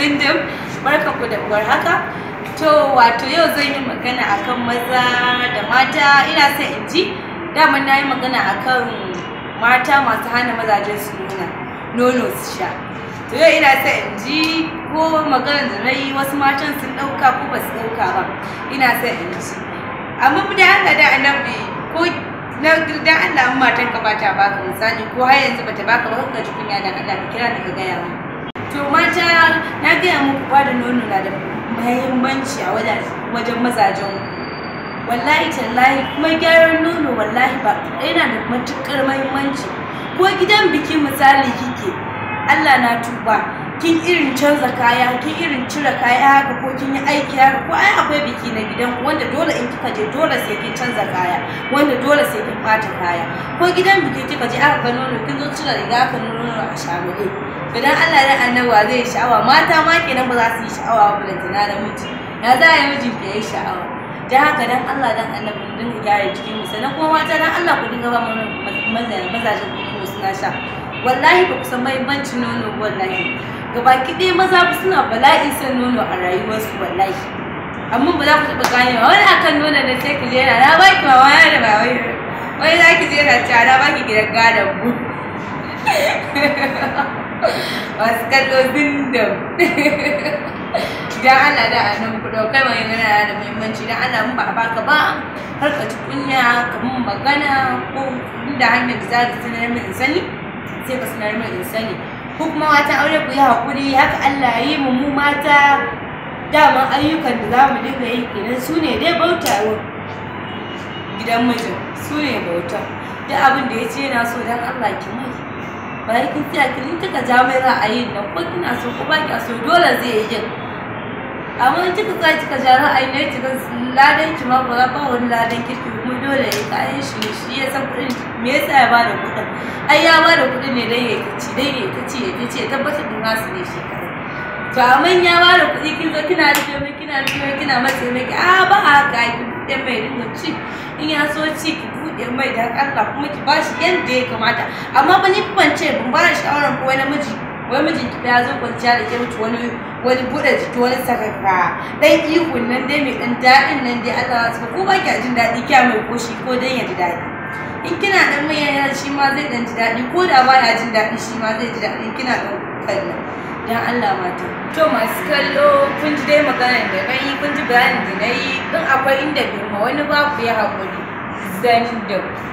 dindin barka ku da uwar haka to wato yau zan yi magana akan maza da mata ina son in ji daman na yi magana akan mata masu hana mazajen su nuna nono su sha to yau ina son in ji ko maganar da na yi wasu matan sun ɗauka ko ba su ɗauka ba ina son in ji amma da Allah da annabi ko na dan Allah in matanka ba ta baka misali ko har yanzu ba ta baka ba ka ji kunya da Allah ka kira ni ka gaya min to mata na gaya muku ba da nono na da mahimmanci a wajen mazajen wallahi tallahi kuma gyaran nono wallahi ba yana da matukar mahimmanci ko gidan biki misali kike Allah na tuba kin irin canza kaya kin irin cire kaya haka ko kin yi aiki haka ko ai akwai biki na gidan wanda dole in kika je dole sai kin canza kaya wanda dole sai kin bata kaya ko gidan biki kika je aka ga nono kin zo cire riga aka nono a shago shamule idan Allah ya annaba zai yi sha'awa mata ma kenan ba za su yi sha'awa ba da tana da miji ya za yi mijin ke yi sha'awa da haka dan Allah dan annabi mu dinga gyara jikin mu sannan kuma mata dan Allah ku dinga ba mu mazajen ku suna sha wallahi ba ku san mahimmancin nono wallahi gabaki ɗaya maza suna bala'i san nono a rayuwarsu wallahi amma ba za ku taɓa ganewa wani akan nono da sai ku jera na ba ki da ba wai wai za ki jera a na ba ki gidan gadon ku masu kallo zindam idan ana da a kudu kai mai da muhimmanci da ana mun ba a ka ba har ka ci kunya ka mun magana ko da hanyar da za ka sanar min in sani sai ka sanar min in sani ko kuma mata aure ku yi haƙuri haka Allah ya yi mu mu mata daman ayyukan da za mu dinga yi kenan su ne dai bauta gidan mijin su ne bauta duk abin da ya ce yana so dan Allah ki mai bayan kin tsaya kin kika ja mai ra'ayin nan ko kina so ko baki ki so dole zai yi yin amma in kika tsaya kika ja ra'ayin ne kika ladan ki ma ba za ba wani ladan kirki mu dole ya kayan shi shi ya san kudin me yasa ya bada kudin ai ya bada kudin ne dai ya ci dai ya ta ci ya ci ya tabbatar da nasu ne shi to amma in ya bada kudi kin zo kina rufe mai kina rufe mai kina matse mai a ah, ba haka kin buɗe mai dinga ci in ya so ci ki biyar mai dan Allah kuma ki ba shi yanda ya kamata amma ba ni ban ce ban ba shi auren ko wani miji wai mijin ki ya zo kwanciya da ke mutu wani wani buɗe jiki wani sakaka dan ihun nan dai mai dan daɗin nan dai Allah ya ko ba ki jin daɗi kya mai koshi ko dan ya ji daɗi in kina dan mai yana shi ma zai dan ji daɗi ko da ba ya jin daɗi shi ma zai ji daɗi kina dan kallon dan Allah mata to masu kallo kun ji dai maganar da na yi kun ji bayanin da na yi akwai inda bai ma wani babu ya haƙuri Dani Deus.